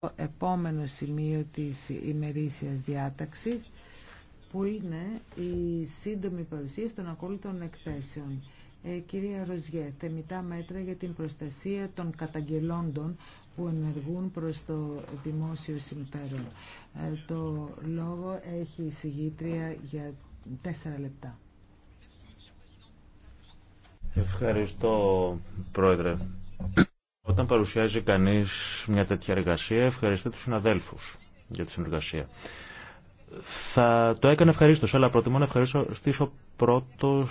Το επόμενο σημείο της ημερήσιας διάταξης που είναι η σύντομη παρουσίαση των ακόλουτων εκθέσεων. Ε, κυρία Ροζιέ, θεμητά μέτρα για την προστασία των καταγγελόντων που ενεργούν προς το δημόσιο συμφέρον. Ε, το λόγο έχει η συγγήτρια για τέσσερα λεπτά. Ευχαριστώ, Πρόεδρε. Όταν παρουσιάζει κανείς μια τέτοια εργασία, ευχαριστεί τους συναδέλφους για τη συνεργασία. Θα το έκανε ευχαρίστω, αλλά προτιμώ να ευχαριστήσω πρώτο,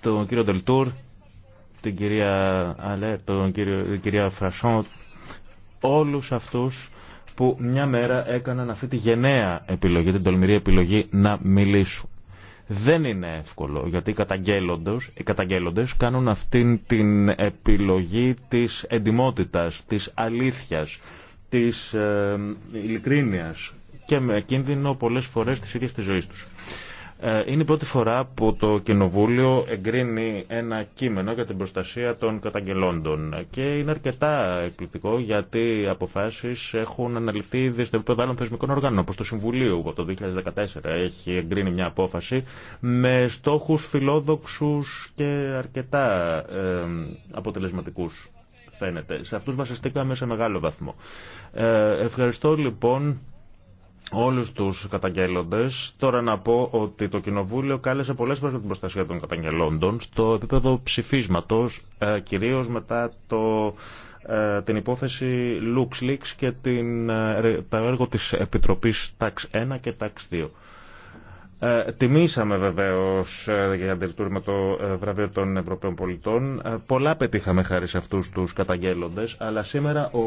τον κύριο Δελτούρ, την κυρία Αλέ, τον κύριο, την κυρία Φρασόν, όλους αυτούς που μια μέρα έκαναν αυτή τη γενναία επιλογή, την τολμηρή επιλογή να μιλήσουν. Δεν είναι εύκολο, γιατί οι καταγγέλλοντες, κάνουν αυτήν την επιλογή της εντιμότητας, της αλήθειας, της ε, και με κίνδυνο πολλές φορές της ίδιας της ζωής τους. Ε, είναι η πρώτη φορά που το Κοινοβούλιο εγκρίνει ένα κείμενο για την προστασία των καταγγελόντων και είναι αρκετά εκπληκτικό γιατί οι αποφάσεις έχουν αναλυθεί ήδη στο επίπεδο άλλων θεσμικών οργάνων όπως το Συμβουλίο που από το 2014 έχει εγκρίνει μια απόφαση με στόχους φιλόδοξους και αρκετά ε, αποτελεσματικούς φαίνεται. Σε αυτούς βασιστήκαμε σε μεγάλο βαθμό. Ε, ευχαριστώ λοιπόν όλους τους καταγγέλλοντες. Τώρα να πω ότι το Κοινοβούλιο κάλεσε πολλές φορές την προστασία των καταγγελόντων στο επίπεδο ψηφίσματος, ε, κυρίως μετά το, ε, την υπόθεση LuxLeaks και την, ε, το έργο της Επιτροπής TAX 1 και TAX 2. Ε, τιμήσαμε βεβαίω ε, για να με το ε, βραβείο των Ευρωπαίων Πολιτών. πολλά πετύχαμε χάρη σε αυτού του καταγγέλλοντε, αλλά σήμερα ο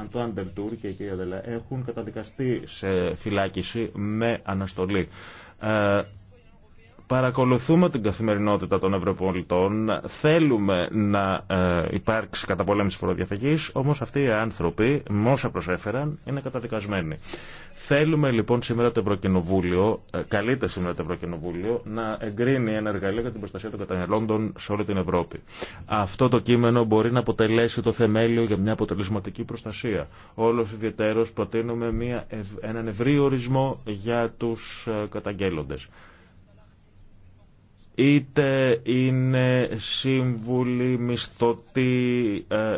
Αντουάν Μπερτούρ και η κυρία Δέλα έχουν καταδικαστεί σε φυλάκιση με αναστολή. Παρακολουθούμε την καθημερινότητα των Ευρωπολιτών. Θέλουμε να ε, υπάρξει καταπολέμηση φοροδιαφυγή, όμω αυτοί οι άνθρωποι, με όσα προσέφεραν, είναι καταδικασμένοι. Θέλουμε λοιπόν σήμερα το Ευρωκοινοβούλιο, ε, καλείται σήμερα το Ευρωκοινοβούλιο, να εγκρίνει ένα εργαλείο για την προστασία των καταναλώντων σε όλη την Ευρώπη. Αυτό το κείμενο μπορεί να αποτελέσει το θεμέλιο για μια αποτελεσματική προστασία. Όλο ιδιαίτερο προτείνουμε μια, έναν ευρύ ορισμό για του ε, καταγγέλλοντε είτε είναι σύμβουλοι, μισθωτοί, ε,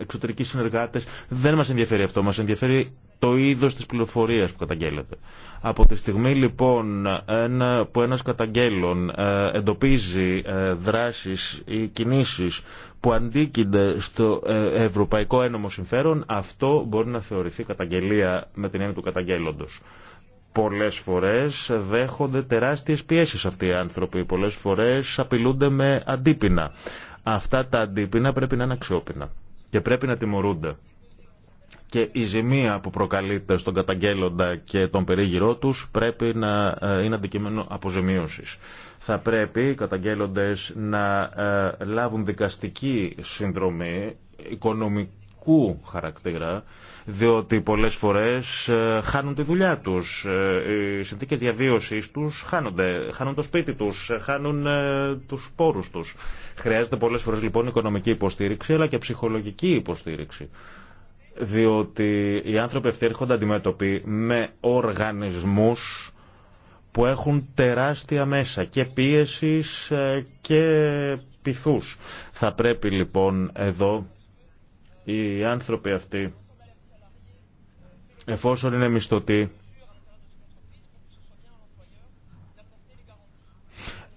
εξωτερικοί συνεργάτες. Δεν μας ενδιαφέρει αυτό. Μας ενδιαφέρει το είδος της πληροφορίας που καταγγέλλεται. Από τη στιγμή λοιπόν που ένας καταγγέλων ε, εντοπίζει ε, δράσεις ή κινήσεις που αντίκεινται στο ευρωπαϊκό ένομο συμφέρον, αυτό μπορεί να θεωρηθεί καταγγελία με την έννοια του καταγγέλλοντος πολλές φορές δέχονται τεράστιες πιέσεις αυτοί οι άνθρωποι. Πολλές φορές απειλούνται με αντίπεινα. Αυτά τα αντίπεινα πρέπει να είναι αξιόπινα και πρέπει να τιμωρούνται. Και η ζημία που προκαλείται στον καταγγέλλοντα και τον περίγυρό τους πρέπει να ε, είναι αντικείμενο αποζημίωσης. Θα πρέπει οι καταγγέλλοντες να ε, λάβουν δικαστική συνδρομή, οικονομική ηθικού χαρακτήρα, διότι πολλές φορές ε, χάνουν τη δουλειά τους, ε, οι συνθήκες διαβίωσης τους χάνονται, χάνουν το σπίτι τους, ε, χάνουν τους πόρους τους. Χρειάζεται πολλές φορές λοιπόν οικονομική υποστήριξη αλλά και ψυχολογική υποστήριξη διότι οι άνθρωποι αυτοί έρχονται αντιμέτωποι με οργανισμούς που έχουν τεράστια μέσα και πίεσης και πειθούς. Θα πρέπει λοιπόν εδώ οι άνθρωποι αυτοί, εφόσον είναι μισθωτοί,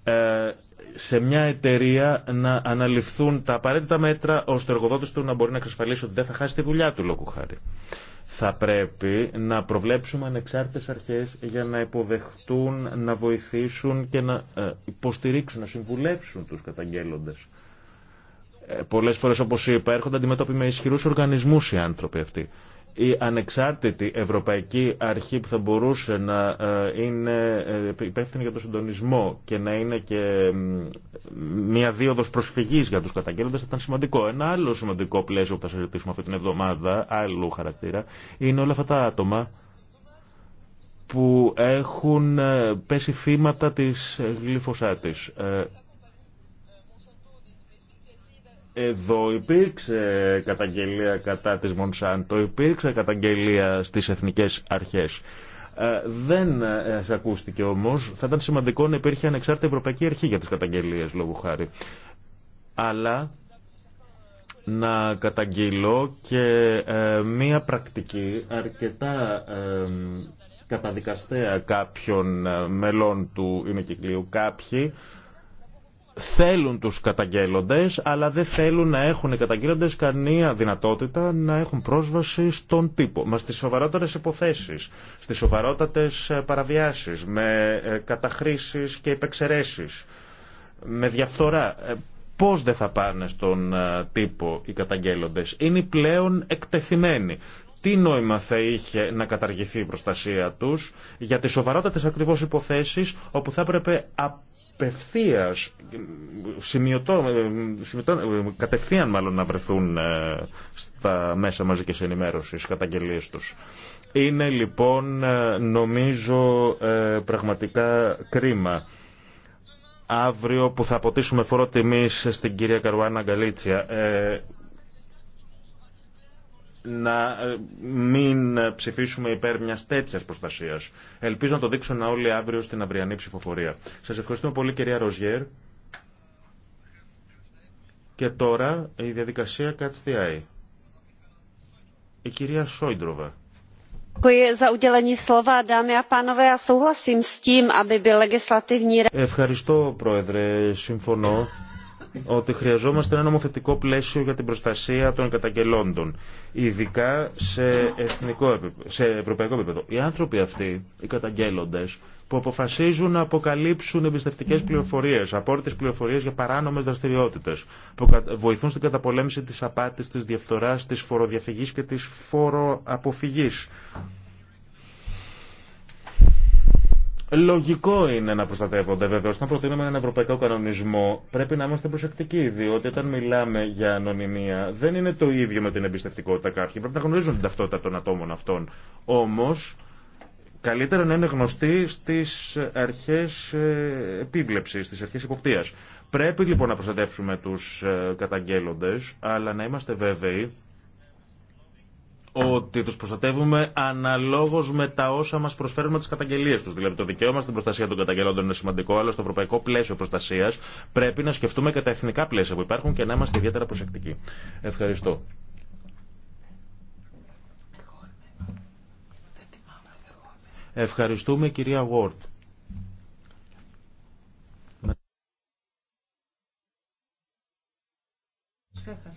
ε, σε μια εταιρεία να αναλυφθούν τα απαραίτητα μέτρα ώστε ο εργοδότης του να μπορεί να εξασφαλίσει ότι δεν θα χάσει τη δουλειά του λόγου χάρη. Θα πρέπει να προβλέψουμε ανεξάρτητες αρχές για να υποδεχτούν, να βοηθήσουν και να ε, υποστηρίξουν, να συμβουλεύσουν τους καταγγέλλοντες. Ε, πολλές φορές, όπως είπα, έρχονται αντιμετώπιοι με ισχυρούς οργανισμούς οι άνθρωποι αυτοί. Η ανεξάρτητη Ευρωπαϊκή Αρχή που θα μπορούσε να ε, είναι ε, υπεύθυνη για τον συντονισμό και να είναι και μια δίωδος προσφυγής για τους καταγγέλλοντες θα ήταν σημαντικό. Ένα άλλο σημαντικό πλαίσιο που θα συζητήσουμε αυτή την εβδομάδα, άλλου χαρακτήρα, είναι όλα αυτά τα άτομα που έχουν πέσει θύματα της γλυφωσάτης. Εδώ υπήρξε καταγγελία κατά της Μονσάντο, υπήρξε καταγγελία στις εθνικές αρχές. Ε, δεν ε, ακούστηκε όμως, θα ήταν σημαντικό να υπήρχε ανεξάρτητη Ευρωπαϊκή Αρχή για τις καταγγελίες λόγου χάρη. Αλλά να καταγγείλω και ε, μία πρακτική αρκετά ε, καταδικαστέα κάποιων ε, μελών του ημικυκλίου. Κάποιοι θέλουν τους καταγγέλλοντες, αλλά δεν θέλουν να έχουν οι καταγγέλλοντες κανία δυνατότητα να έχουν πρόσβαση στον τύπο. Μα στις σοβαρότερες υποθέσεις, στις σοβαρότατες ε, παραβιάσεις, με ε, καταχρήσεις και υπεξαιρέσεις, με διαφθορά. Ε, πώς δεν θα πάνε στον τύπο οι καταγγέλλοντες. Είναι πλέον εκτεθειμένοι τι νόημα θα είχε να καταργηθεί η προστασία τους για τις σοβαρότατες ακριβώς υποθέσεις όπου θα έπρεπε σημειωτό, σημειωτό, κατευθείαν μάλλον να βρεθούν ε, στα μέσα μαζικής ενημέρωσης καταγγελίες τους. Είναι λοιπόν ε, νομίζω ε, πραγματικά κρίμα αύριο που θα αποτίσουμε φορό τιμής στην κυρία Καρουάνα Γκαλίτσια να ε, μην ψηφίσουμε υπέρ μια τέτοια προστασία. Ελπίζω να το δείξουν όλοι αύριο στην αυριανή ψηφοφορία. Σα ευχαριστούμε πολύ, κυρία Ροζιέρ. Και τώρα η διαδικασία ΚΑΤΣΤΙΑΗ. Η κυρία Σόιντροβα. Ευχαριστώ, Πρόεδρε. Συμφωνώ ότι χρειαζόμαστε ένα νομοθετικό πλαίσιο για την προστασία των καταγγελόντων, ειδικά σε, εθνικό σε ευρωπαϊκό επίπεδο. Οι άνθρωποι αυτοί, οι καταγγέλλοντε, που αποφασίζουν να αποκαλύψουν εμπιστευτικέ πληροφορίε, απόρριτε πληροφορίε για παράνομε δραστηριότητε, που βοηθούν στην καταπολέμηση τη απάτη, τη διαφθορά, τη φοροδιαφυγή και τη φοροαποφυγή. Λογικό είναι να προστατεύονται βεβαίω. Όταν προτείνουμε έναν ευρωπαϊκό κανονισμό, πρέπει να είμαστε προσεκτικοί, διότι όταν μιλάμε για ανωνυμία, δεν είναι το ίδιο με την εμπιστευτικότητα κάποιοι. Πρέπει να γνωρίζουν την ταυτότητα των ατόμων αυτών. Όμω, καλύτερα να είναι γνωστοί στι αρχέ ε, επίβλεψη, στι αρχέ υποπτία. Πρέπει λοιπόν να προστατεύσουμε του ε, καταγγέλλοντε, αλλά να είμαστε βέβαιοι ότι τους προστατεύουμε αναλόγω με τα όσα μας προσφέρουν με τις καταγγελίες τους. Δηλαδή το δικαίωμα στην προστασία των καταγγελόντων είναι σημαντικό, αλλά στο ευρωπαϊκό πλαίσιο προστασίας πρέπει να σκεφτούμε και τα εθνικά πλαίσια που υπάρχουν και να είμαστε ιδιαίτερα προσεκτικοί. Ευχαριστώ. Ευχαριστούμε κυρία Γουόρτ.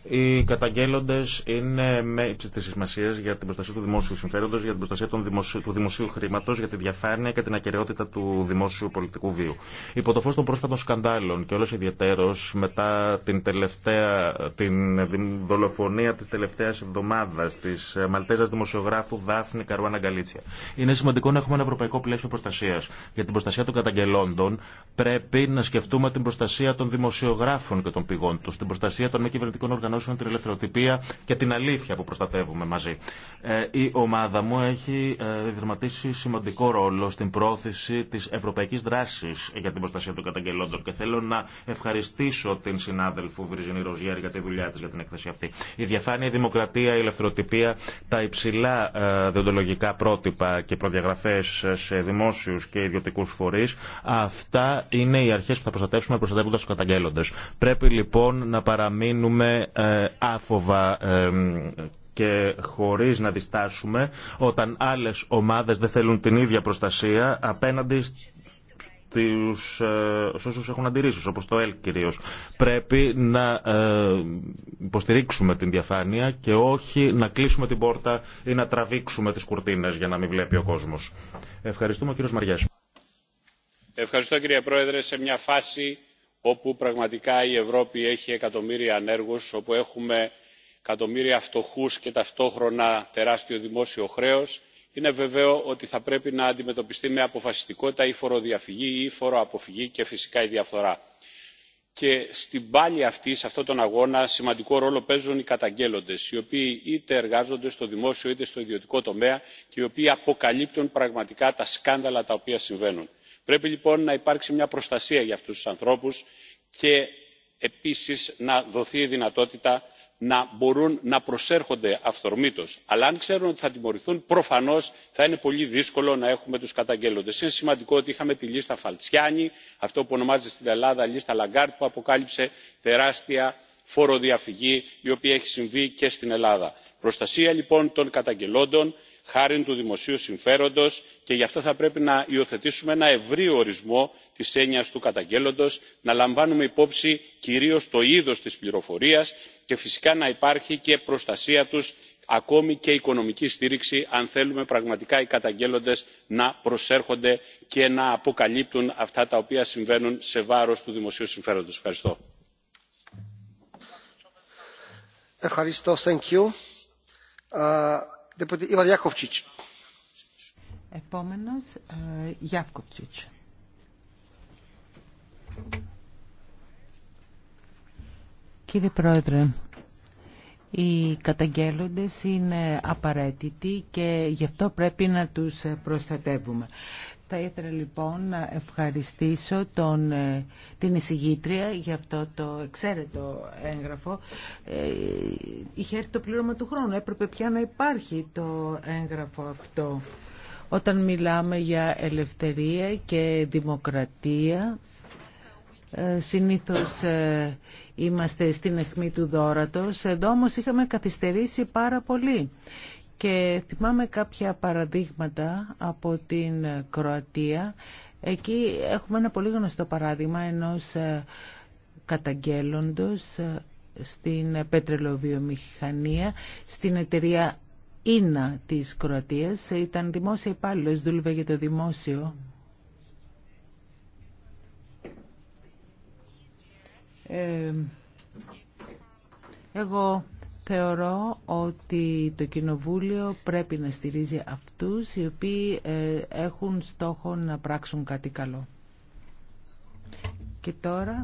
Οι καταγγέλλοντε είναι με ύψη τη σημασία για την προστασία του δημόσιου συμφέροντο, για την προστασία των δημοσίου, του δημοσίου χρήματο, για τη διαφάνεια και την ακαιρεότητα του δημόσιου πολιτικού βίου. Υπό το φω των πρόσφατων σκανδάλων και όλο ιδιαίτερω μετά την τελευταία, την δολοφονία τη τελευταία εβδομάδα τη Μαλτέζα δημοσιογράφου Δάφνη Καρουάνα Γκαλίτσια. Είναι σημαντικό να έχουμε ένα ευρωπαϊκό πλαίσιο προστασία. Για την προστασία των καταγγελόντων πρέπει να σκεφτούμε την προστασία των δημοσιογράφων και των πηγών του, την προστασία των μη κυβερνητικών οργανώσεων, την ελευθεροτυπία και την αλήθεια που προστατεύουμε μαζί. Ε, η ομάδα μου έχει ε, διδραματίσει σημαντικό ρόλο στην πρόθεση τη ευρωπαϊκή δράση για την προστασία των καταγγελόντων και θέλω να ευχαριστήσω την συνάδελφο Βυριζινή Ροζιέρη για τη δουλειά τη για την έκθεση αυτή. Η διαφάνεια, η δημοκρατία, η ελευθεροτυπία, τα υψηλά ε, διοντολογικά πρότυπα και προδιαγραφέ σε δημόσιου και ιδιωτικού φορεί, αυτά είναι οι αρχέ που θα προστατεύσουμε προστατεύοντα του καταγγέλλοντε. Πρέπει λοιπόν να παραμείνουμε είναι ε, άφοβα και χωρίς να διστάσουμε όταν άλλες ομάδες δεν θέλουν την ίδια προστασία απέναντι ε, στους όσους έχουν αντιρρήσεις, όπως το ΕΛΚ κυρίως. Πρέπει να ε, υποστηρίξουμε την διαφάνεια και όχι να κλείσουμε την πόρτα ή να τραβήξουμε τις κουρτίνες για να μην βλέπει ο κόσμος. Ευχαριστούμε κύριο κύριος Μαριάς. Ευχαριστώ κύριε Πρόεδρε. Σε μια φάση όπου πραγματικά η ευρώπη έχει εκατομμύρια ανέργους όπου έχουμε εκατομμύρια φτωχούς και ταυτόχρονα τεράστιο δημόσιο χρέος είναι βέβαιο ότι θα πρέπει να αντιμετωπιστεί με αποφασιστικότητα η φοροδιαφυγή η φοροαποφυγή και φυσικά η διαφθορά. και στην πάλη αυτή σε αυτόν τον αγώνα σημαντικό ρόλο παίζουν οι καταγγέλλοντες οι οποίοι είτε εργάζονται στο δημόσιο είτε στο ιδιωτικό τομέα και οι οποίοι αποκαλύπτουν πραγματικά τα σκάνδαλα τα οποία συμβαίνουν πρέπει λοιπόν να υπάρξει μια προστασία για αυτούς τους ανθρώπους και επίσης να δοθεί η δυνατότητα να μπορούν να προσέρχονται αυθορμήτως αλλά αν ξέρουν ότι θα τιμωρηθούν προφανώς θα είναι πολύ δύσκολο να έχουμε τους καταγγέλλοντες. είναι σημαντικό ότι είχαμε τη λίστα φαλτσιάνη αυτό που ονομάζεται στην ελλάδα λίστα λαγκάρτ που αποκάλυψε τεράστια φοροδιαφυγή η οποία έχει συμβεί και στην ελλάδα. προστασία λοιπόν των καταγγελλόντων χάρη του δημοσίου συμφέροντος και γι' αυτό θα πρέπει να υιοθετήσουμε ένα ευρύ ορισμό της έννοιας του καταγγέλλοντος να λαμβάνουμε υπόψη κυρίως το είδος της πληροφορίας και φυσικά να υπάρχει και προστασία τους ακόμη και οικονομική στήριξη αν θέλουμε πραγματικά οι καταγγέλλοντες να προσέρχονται και να αποκαλύπτουν αυτά τα οποία συμβαίνουν σε βάρος του δημοσίου συμφέροντος. ευχαριστώ. Επόμενος, ε, Κύριε Πρόεδρε, οι καταγγέλλοντες είναι απαραίτητοι και γι' αυτό πρέπει να τους προστατεύουμε. Θα ήθελα λοιπόν να ευχαριστήσω τον, ε, την εισηγήτρια για αυτό το εξαίρετο έγγραφο. Ε, είχε έρθει το πλήρωμα του χρόνου. Έπρεπε πια να υπάρχει το έγγραφο αυτό. Όταν μιλάμε για ελευθερία και δημοκρατία, ε, συνήθως ε, είμαστε στην αιχμή του δώρατος. Εδώ όμως είχαμε καθυστερήσει πάρα πολύ. Και θυμάμαι κάποια παραδείγματα από την Κροατία. Εκεί έχουμε ένα πολύ γνωστό παράδειγμα ενός ε, καταγγέλλοντος ε, στην πετρελοβιομηχανία, στην εταιρεία Ίνα της Κροατίας. Ήταν δημόσια υπάλληλος, δούλευε για το δημόσιο. Ε, εγώ Θεωρώ ότι το Κοινοβούλιο πρέπει να στηρίζει αυτούς οι οποίοι ε, έχουν στόχο να πράξουν κάτι καλό. Και τώρα...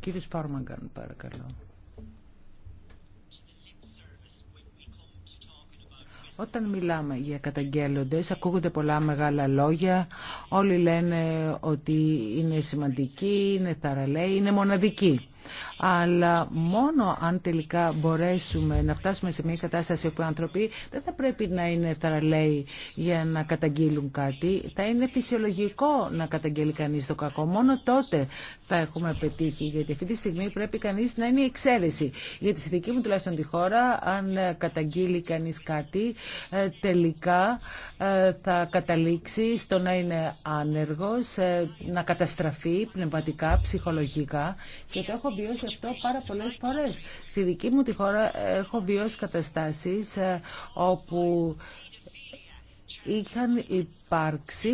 Κύριε Φάρμαγκαν, παρακαλώ. Όταν μιλάμε για καταγγέλλοντες, ακούγονται πολλά μεγάλα λόγια. Όλοι λένε ότι είναι σημαντικοί, είναι θαραλέοι, είναι μοναδικοί αλλά μόνο αν τελικά μπορέσουμε να φτάσουμε σε μια κατάσταση όπου οι άνθρωποι δεν θα πρέπει να είναι θαραλέοι για να καταγγείλουν κάτι. Θα είναι φυσιολογικό να καταγγέλει κανεί το κακό. Μόνο τότε θα έχουμε πετύχει, γιατί αυτή τη στιγμή πρέπει κανεί να είναι η εξαίρεση. Γιατί στη δική μου τουλάχιστον τη χώρα, αν καταγγείλει κανεί κάτι, ε, τελικά ε, θα καταλήξει στο να είναι άνεργος, ε, να καταστραφεί πνευματικά, ψυχολογικά. Και το έχω βιώσει συμβεί αυτό πάρα πολλές φορές. Στη δική μου τη χώρα έχω βιώσει καταστάσεις ε, όπου είχαν υπάρξει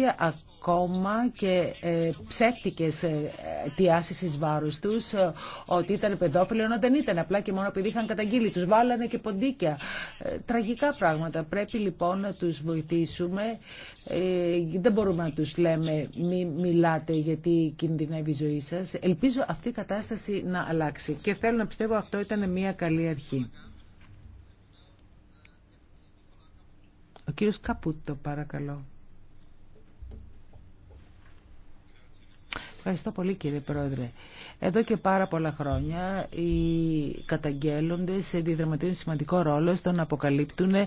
ακόμα και ε, ψεύτικες ε, αιτιάσεις εις βάρους τους ε, ότι ήταν παιδόφιλοι ενώ δεν ήταν απλά και μόνο επειδή είχαν καταγγείλει. Τους βάλανε και ποντίκια. Ε, τραγικά πράγματα. Πρέπει λοιπόν να τους βοηθήσουμε. Δεν μπορούμε να τους λέμε μη μιλάτε γιατί κινδυνεύει η ζωή σας. Ελπίζω αυτή η κατάσταση να αλλάξει. Και θέλω να πιστεύω αυτό ήταν μια καλή αρχή. Ο κύριος Καπούτο, παρακαλώ. Ευχαριστώ πολύ κύριε Πρόεδρε. Εδώ και πάρα πολλά χρόνια οι καταγγέλλοντες διδραματίζουν σημαντικό ρόλο στο να αποκαλύπτουν ε,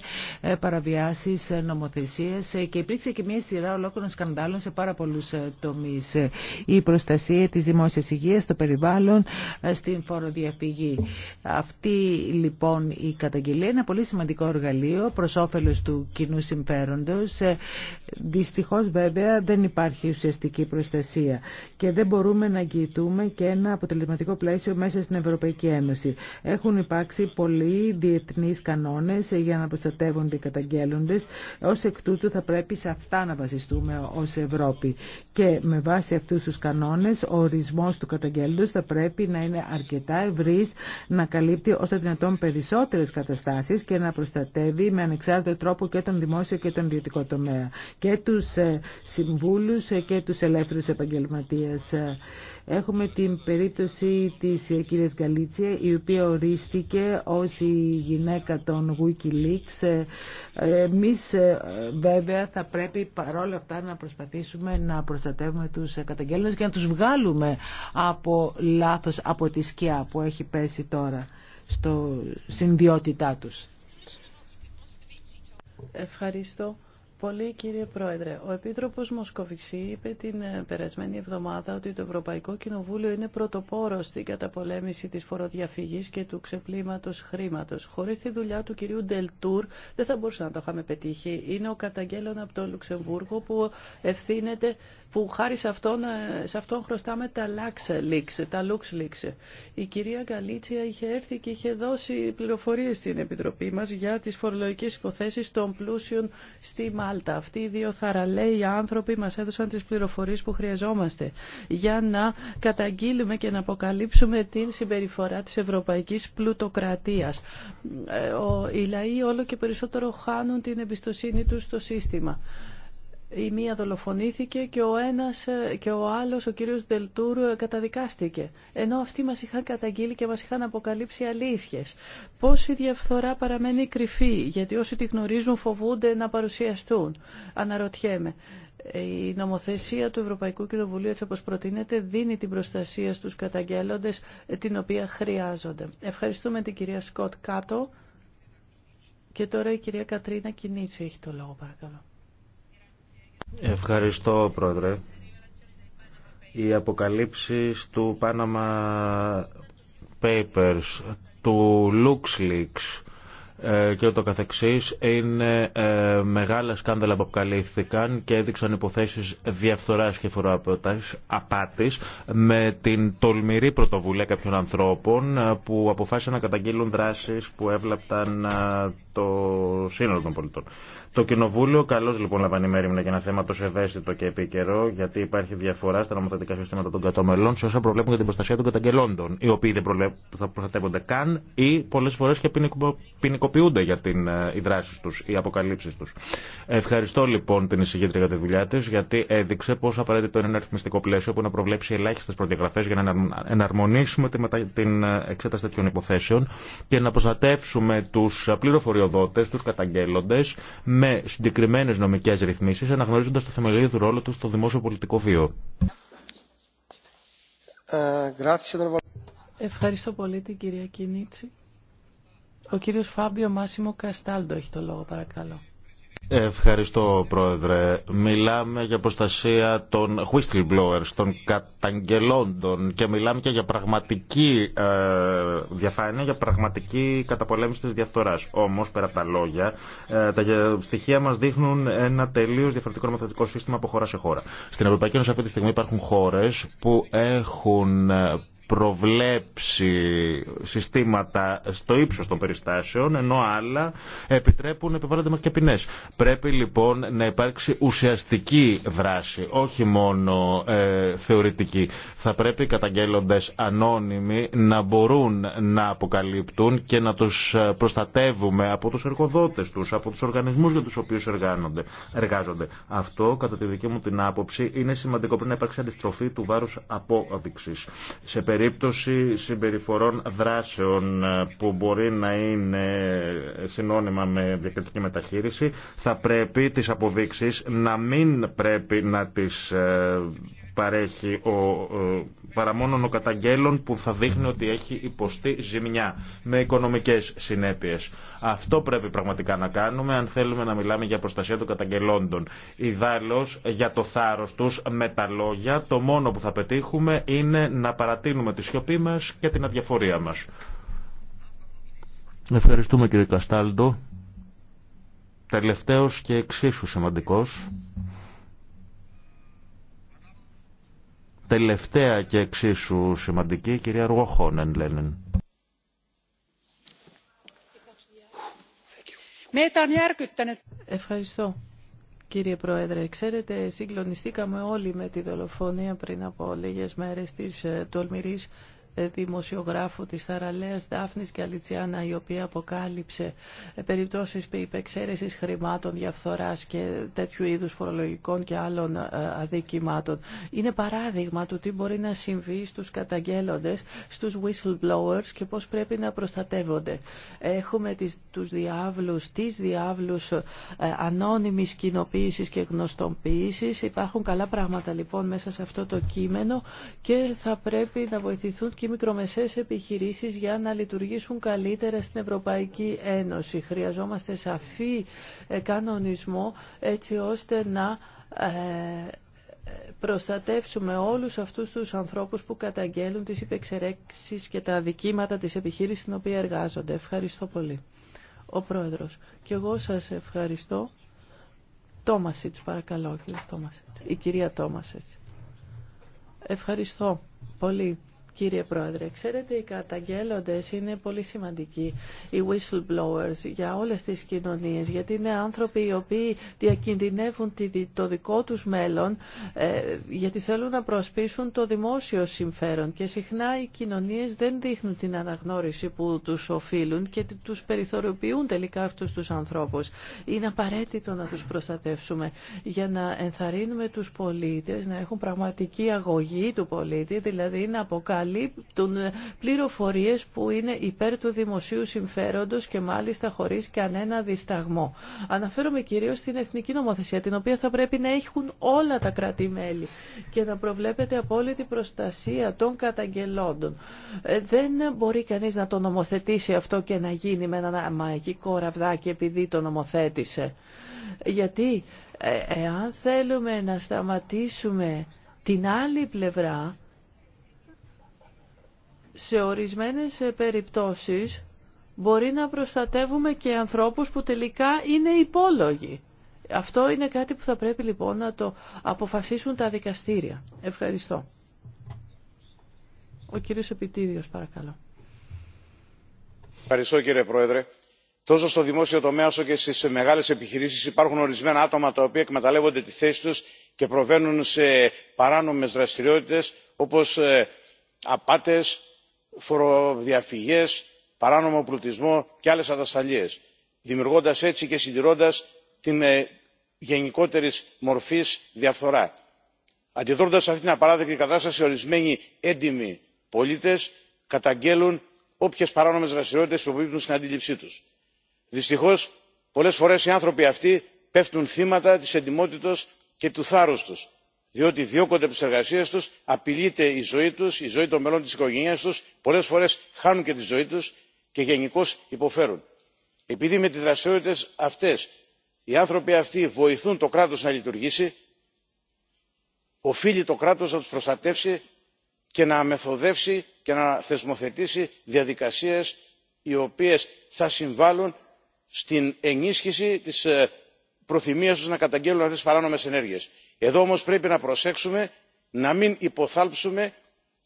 παραβιάσεις ε, νομοθεσίας ε, και υπήρξε και μια σειρά ολόκληρων σκανδάλων σε πάρα πολλούς τομείς. Η προστασία της δημόσιας υγείας, το περιβάλλον, στην φοροδιαφυγή. Αυτή λοιπόν η καταγγελία είναι ένα πολύ σημαντικό εργαλείο προς όφελος του κοινού συμφέροντος. Δυστυχώ, βέβαια δεν υπάρχει ουσιαστική προστασία και δεν μπορούμε να αγγιητούμε και ένα αποτελεσματικό πλαίσιο μέσα στην Ευρωπαϊκή Ένωση. Έχουν υπάρξει πολλοί διεθνείς κανόνες για να προστατεύονται οι καταγγέλλοντες. Ως εκ τούτου θα πρέπει σε αυτά να βασιστούμε ως Ευρώπη. Και με βάση αυτούς τους κανόνες ο ορισμός του καταγγέλλοντος θα πρέπει να είναι αρκετά ευρύς, να καλύπτει όσο δυνατόν περισσότερες καταστάσεις και να προστατεύει με ανεξάρτητο τρόπο και τον δημόσιο και τον ιδιωτικό τομέα. Και τους ε, συμβούλους ε, και τους ελεύθερους επαγγελματίες Έχουμε την περίπτωση της κυρίας Γκαλίτσια, η οποία ορίστηκε ως η γυναίκα των Wikileaks. Εμείς βέβαια θα πρέπει παρόλα αυτά να προσπαθήσουμε να προστατεύουμε τους καταγγέλνους και να τους βγάλουμε από λάθος, από τη σκιά που έχει πέσει τώρα στο συνδυότητά τους. Ευχαριστώ πολύ κύριε Πρόεδρε. Ο Επίτροπος Μοσκοβιξή είπε την ε, περασμένη εβδομάδα ότι το Ευρωπαϊκό Κοινοβούλιο είναι πρωτοπόρο στην καταπολέμηση της φοροδιαφυγής και του ξεπλήματος χρήματος. Χωρίς τη δουλειά του κυρίου Ντελτούρ δεν θα μπορούσαμε να το είχαμε πετύχει. Είναι ο καταγγέλων από το Λουξεμβούργο που ευθύνεται που χάρη σε αυτόν, ε, σε χρωστάμε τα LuxLeaks, τα Η κυρία Γκαλίτσια είχε έρθει και είχε δώσει πληροφορίες στην Επιτροπή μας για τις φορολογικές υποθέσεις των πλούσιων στη Μάλτα. Αυτοί οι δύο θαραλέοι άνθρωποι μας έδωσαν τις πληροφορίες που χρειαζόμαστε για να καταγγείλουμε και να αποκαλύψουμε την συμπεριφορά της ευρωπαϊκής πλουτοκρατίας. Ε, οι λαοί όλο και περισσότερο χάνουν την εμπιστοσύνη τους στο σύστημα η μία δολοφονήθηκε και ο ένας ε, και ο άλλος, ο κύριος Δελτούρ, ε, καταδικάστηκε. Ενώ αυτοί μας είχαν καταγγείλει και μας είχαν αποκαλύψει αλήθειες. Πώς η διαφθορά παραμένει κρυφή, γιατί όσοι τη γνωρίζουν φοβούνται να παρουσιαστούν. Αναρωτιέμαι. Η νομοθεσία του Ευρωπαϊκού Κοινοβουλίου, έτσι όπως προτείνεται, δίνει την προστασία στους καταγγέλλοντες ε, την οποία χρειάζονται. Ευχαριστούμε την κυρία Σκοτ Κάτω και τώρα η κυρία Κατρίνα Κινίτσι έχει το λόγο, παρακαλώ. Ευχαριστώ, Πρόεδρε. Οι αποκαλύψεις του Panama Papers, του LuxLeaks ε, και ούτω καθεξής είναι ε, μεγάλα σκάνδαλα που αποκαλύφθηκαν και έδειξαν υποθέσεις διαφθοράς και φοροαπάτης απάτης, με την τολμηρή πρωτοβουλία κάποιων ανθρώπων ε, που αποφάσισαν να καταγγείλουν δράσεις που έβλαπταν το σύνολο των πολιτών. Το Κοινοβούλιο καλώ λοιπόν λαμβάνει μέρη για ένα θέμα τόσο ευαίσθητο και επίκαιρο, γιατί υπάρχει διαφορά στα νομοθετικά συστήματα των κατώμελων σε όσα προβλέπουν για την προστασία των καταγγελόντων, οι οποίοι δεν θα προστατεύονται καν ή πολλέ φορέ και ποινικοποιούνται για την, ε, οι δράσει του, οι αποκαλύψει του. Ευχαριστώ λοιπόν την εισηγήτρια για τη δουλειά τη, γιατί έδειξε πόσο απαραίτητο είναι ένα αριθμιστικό πλαίσιο που να προβλέψει ελάχιστε προδιαγραφέ για να εναρμονίσουμε την ε, εξέταση υποθέσεων και να προστατεύσουμε του ε, αδειοδότε, του καταγγέλλοντε, με συγκεκριμένε νομικέ ρυθμίσει, αναγνωρίζοντα το θεμελιώδη ρόλο του στο δημόσιο πολιτικό βίο. Ευχαριστώ πολύ την κυρία Κινίτση. Ο κύριος Φάμπιο Μάσιμο Καστάλντο έχει το λόγο παρακαλώ. Ευχαριστώ, Πρόεδρε. Μιλάμε για προστασία των whistleblowers, των καταγγελόντων και μιλάμε και για πραγματική ε, διαφάνεια, για πραγματική καταπολέμηση της διαφθοράς. Όμως, πέρα από τα λόγια, ε, τα στοιχεία μας δείχνουν ένα τελείως διαφορετικό νομοθετικό σύστημα από χώρα σε χώρα. Στην Ευρωπαϊκή Ένωση αυτή τη στιγμή υπάρχουν χώρες που έχουν ε, προβλέψει συστήματα στο ύψο των περιστάσεων, ενώ άλλα επιτρέπουν, επιβάλλονται και ποινέ. Πρέπει λοιπόν να υπάρξει ουσιαστική δράση, όχι μόνο ε, θεωρητική. Θα πρέπει οι καταγγέλλοντε ανώνυμοι να μπορούν να αποκαλύπτουν και να του ε, προστατεύουμε από του εργοδότε του, από του οργανισμού για του οποίου εργάζονται. Αυτό, κατά τη δική μου την άποψη, είναι σημαντικό πριν να υπάρξει αντιστροφή του βάρου απόδειξη. Σε περίπτωση συμπεριφορών δράσεων ε, που μπορεί να είναι συνώνυμα με διακριτική μεταχείριση, θα πρέπει τις αποδείξεις να μην πρέπει να τις ε, παρέχει ο, παρά μόνον ο καταγγέλων που θα δείχνει ότι έχει υποστεί ζημιά με οικονομικές συνέπειες. Αυτό πρέπει πραγματικά να κάνουμε αν θέλουμε να μιλάμε για προστασία των καταγγελόντων. Ιδάλλως για το θάρρος τους με τα λόγια το μόνο που θα πετύχουμε είναι να παρατείνουμε τη σιωπή μας και την αδιαφορία μας. Ευχαριστούμε κύριε Καστάλντο. Τελευταίος και εξίσου σημαντικός Τελευταία και εξίσου σημαντική, κυρία Ρουοχόνεν λένε. Ευχαριστώ. Κύριε Πρόεδρε, ξέρετε, συγκλονιστήκαμε όλοι με τη δολοφονία πριν από λίγες μέρες της ε, τολμηρής δημοσιογράφου της Θαραλέας Δάφνης Γκαλιτσιάνα η οποία αποκάλυψε περιπτώσεις υπεξαίρεσης χρημάτων, διαφθοράς και τέτοιου είδους φορολογικών και άλλων ε, αδικημάτων. Είναι παράδειγμα του τι μπορεί να συμβεί στους καταγγέλλοντες, στους whistleblowers και πώς πρέπει να προστατεύονται. Έχουμε τις, τους διάβλους, τις διάβλους ε, ανώνυμης κοινοποίηση και γνωστοποίησης. Υπάρχουν καλά πράγματα λοιπόν μέσα σε αυτό το κείμενο και θα πρέπει να βοηθηθούν και μικρομεσαίες επιχειρήσεις για να λειτουργήσουν καλύτερα στην Ευρωπαϊκή Ένωση. Χρειαζόμαστε σαφή ε, κανονισμό έτσι ώστε να ε, προστατεύσουμε όλους αυτούς τους ανθρώπους που καταγγέλουν τις υπεξερέξεις και τα δικήματα της επιχείρησης στην οποία εργάζονται. Ευχαριστώ πολύ. Ο Πρόεδρος. Και εγώ σας ευχαριστώ. Τόμασιτς, παρακαλώ, κύριε Η κυρία Τόμασιτς. Ευχαριστώ πολύ κύριε Πρόεδρε. Ξέρετε, οι καταγγέλλοντες είναι πολύ σημαντικοί, οι whistleblowers, για όλες τις κοινωνίες, γιατί είναι άνθρωποι οι οποίοι διακινδυνεύουν το δικό τους μέλλον, ε, γιατί θέλουν να προσπίσουν το δημόσιο συμφέρον και συχνά οι κοινωνίες δεν δείχνουν την αναγνώριση που τους οφείλουν και τους περιθωριοποιούν τελικά αυτούς τους ανθρώπους. Είναι απαραίτητο να τους προστατεύσουμε για να ενθαρρύνουμε τους πολίτες να έχουν πραγματική αγωγή του πολίτη, δηλαδή να αποκαλύψουν καλύπτουν πληροφορίες που είναι υπέρ του δημοσίου συμφέροντος και μάλιστα χωρίς κανένα δισταγμό. Αναφέρομαι κυρίως στην εθνική νομοθεσία, την οποία θα πρέπει να έχουν όλα τα κράτη-μέλη και να προβλέπεται απόλυτη προστασία των καταγγελόντων. Ε, δεν μπορεί κανείς να το νομοθετήσει αυτό και να γίνει με ένα μαγικό ραβδάκι επειδή το νομοθέτησε. Γιατί ε, εάν θέλουμε να σταματήσουμε την άλλη πλευρά σε ορισμένες ε, περιπτώσεις μπορεί να προστατεύουμε και ανθρώπους που τελικά είναι υπόλογοι. Αυτό είναι κάτι που θα πρέπει λοιπόν να το αποφασίσουν τα δικαστήρια. Ευχαριστώ. Ο κύριος Επιτίδιος παρακαλώ. Ευχαριστώ κύριε Πρόεδρε. Τόσο στο δημόσιο τομέα όσο και στις μεγάλες επιχειρήσεις υπάρχουν ορισμένα άτομα τα οποία εκμεταλλεύονται τη θέση τους και προβαίνουν σε παράνομες δραστηριότητες όπως ε, απάτες, φοροδιαφυγές παράνομο πλουτισμό και άλλες ατασταλίες δημιουργώντας έτσι και συντηρώντας την ε, γενικότερη μορφή διαφθορά. αντιδρώντας αυτήν την απαράδεκτη κατάσταση ορισμένοι έντιμοι πολίτες καταγγέλουν όποιες παράνομες δραστηριότητες υποπίπτουν στην αντίληψή τους. δυστυχώς πολλές φορές οι άνθρωποι αυτοί πέφτουν θύματα της εντιμότητα και του θάρρους τους διότι διώκονται από τις εργασίε του, απειλείται η ζωή του, η ζωή των μελών τη οικογένεια του, πολλέ φορέ χάνουν και τη ζωή του και γενικώ υποφέρουν. επειδή με τι δραστηριότητε, αυτέ οι άνθρωποι αυτοί βοηθούν το κράτο να λειτουργήσει οφείλει το κράτο να του προστατεύσει και να μεθοδεύσει και να θεσμοθετήσει διαδικασίε οι οποίε θα συμβάλλουν στην ενίσχυση τη ε, προθυμία του να καταγγέλουν αυτέ τι παράνομε ενέργειε εδώ όμως πρέπει να προσέξουμε να μην υποθάλψουμε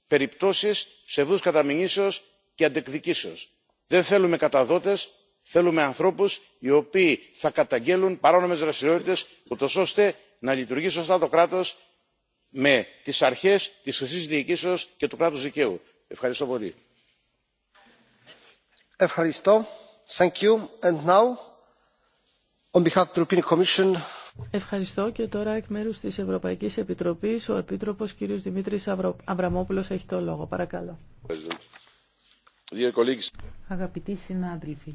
περιπτώσεις ψευδούς καταμηνύσεως και αντεκδικήσεως. δεν θέλουμε καταδότες θέλουμε ανθρώπους οι οποίοι θα καταγγέλουν παράνομες δραστηριότητες ούτως ώστε να λειτουργεί σωστά το κράτος με τις αρχές της χρυσής διοικήσεως και του κράτους δικαίου. ευχαριστώ πολύ. And now, on behalf Ευχαριστώ και τώρα εκ μέρους της Ευρωπαϊκής Επιτροπής ο Επίτροπος κ. Δημήτρης Αβραμόπουλος έχει το λόγο. Παρακαλώ. Αγαπητοί συνάδελφοι,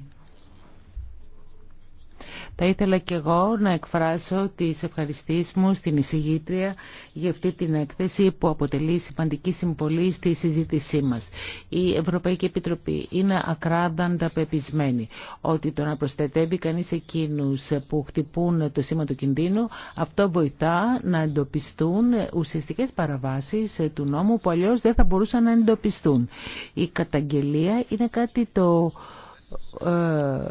θα ήθελα και εγώ να εκφράσω τις ευχαριστίες μου στην εισηγήτρια για αυτή την έκθεση που αποτελεί σημαντική συμβολή στη συζήτησή μας. Η Ευρωπαϊκή Επιτροπή είναι ακράδαντα πεπισμένη ότι το να προστατεύει κανείς εκείνους που χτυπούν το σήμα του κινδύνου αυτό βοηθά να εντοπιστούν ουσιαστικές παραβάσεις του νόμου που αλλιώς δεν θα μπορούσαν να εντοπιστούν. Η καταγγελία είναι κάτι το ε,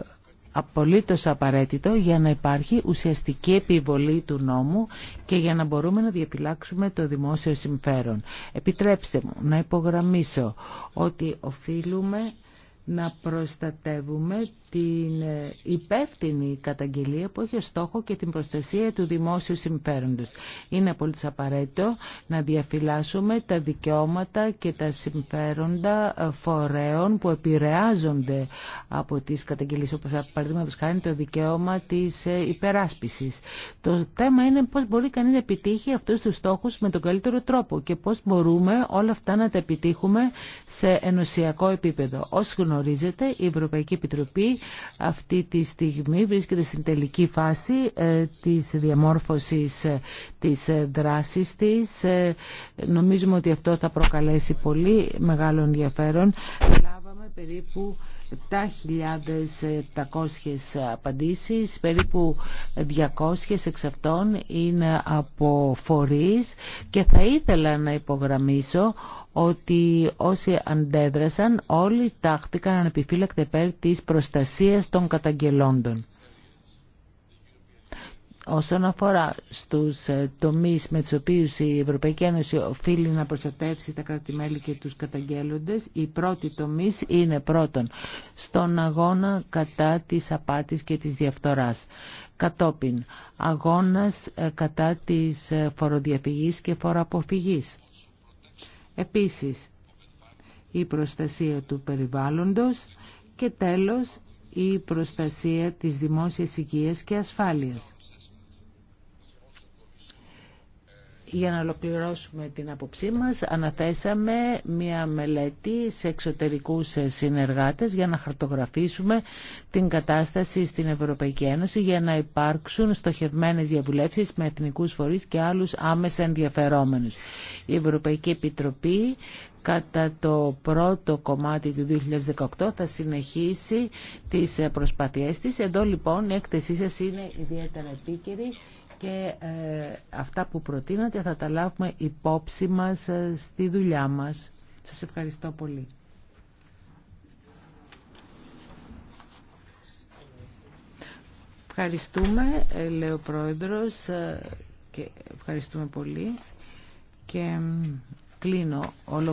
απολύτως απαραίτητο για να υπάρχει ουσιαστική επιβολή του νόμου και για να μπορούμε να διαπιλάξουμε το δημόσιο συμφέρον. Επιτρέψτε μου να υπογραμμίσω ότι οφείλουμε να προστατεύουμε την ε, υπεύθυνη καταγγελία που έχει ως στόχο και την προστασία του δημόσιου συμφέροντος. Είναι απολύτως απαραίτητο να διαφυλάσσουμε τα δικαιώματα και τα συμφέροντα ε, φορέων που επηρεάζονται από τις καταγγελίες, όπως ε, παραδείγματο χάνει το δικαίωμα της υπεράσπισης. Το θέμα είναι πώς μπορεί κανείς να επιτύχει αυτούς τους στόχους με τον καλύτερο τρόπο και πώς μπορούμε όλα αυτά να τα επιτύχουμε σε ενωσιακό επίπεδο. Όσοι γνωρίζετε, η Ευρωπαϊκή Επιτροπή αυτή τη στιγμή βρίσκεται στην τελική φάση ε, της διαμόρφωσης ε, της ε, δράσης της. Νομίζουμε ότι αυτό θα προκαλέσει πολύ μεγάλο ενδιαφέρον. Λάβαμε περίπου 7.700 απαντήσεις, περίπου 200 εξ αυτών είναι από φορείς και θα ήθελα να υπογραμμίσω ότι όσοι αντέδρασαν όλοι τάχτηκαν ανεπιφύλακτα υπέρ της προστασίας των καταγγελόντων. Όσον αφορά στους ε, τομείς με τους οποίους η Ευρωπαϊκή Ένωση οφείλει να προστατεύσει τα κράτη-μέλη και τους καταγγέλλοντες, η πρώτη τομείς είναι πρώτον στον αγώνα κατά της απάτης και της διαφθοράς. Κατόπιν, αγώνας ε, κατά της ε, φοροδιαφυγής και φοροαποφυγής Επίσης, η προστασία του περιβάλλοντος και τέλος η προστασία της δημόσιας υγείας και ασφάλειας. Για να ολοκληρώσουμε την άποψή μας, αναθέσαμε μία μελέτη σε εξωτερικούς συνεργάτες για να χαρτογραφήσουμε την κατάσταση στην Ευρωπαϊκή Ένωση για να υπάρξουν στοχευμένες διαβουλεύσεις με εθνικούς φορείς και άλλους άμεσα ενδιαφερόμενους. Η Ευρωπαϊκή Επιτροπή κατά το πρώτο κομμάτι του 2018 θα συνεχίσει τις προσπαθειές της. Εδώ λοιπόν η έκθεσή σας είναι ιδιαίτερα επίκαιρη και ε, αυτά που προτείνατε θα τα λάβουμε υπόψη μας ε, στη δουλειά μας. Σας ευχαριστώ πολύ. Ευχαριστούμε, ε, λέει ο Πρόεδρος, και ευχαριστούμε πολύ και κλείνω όλο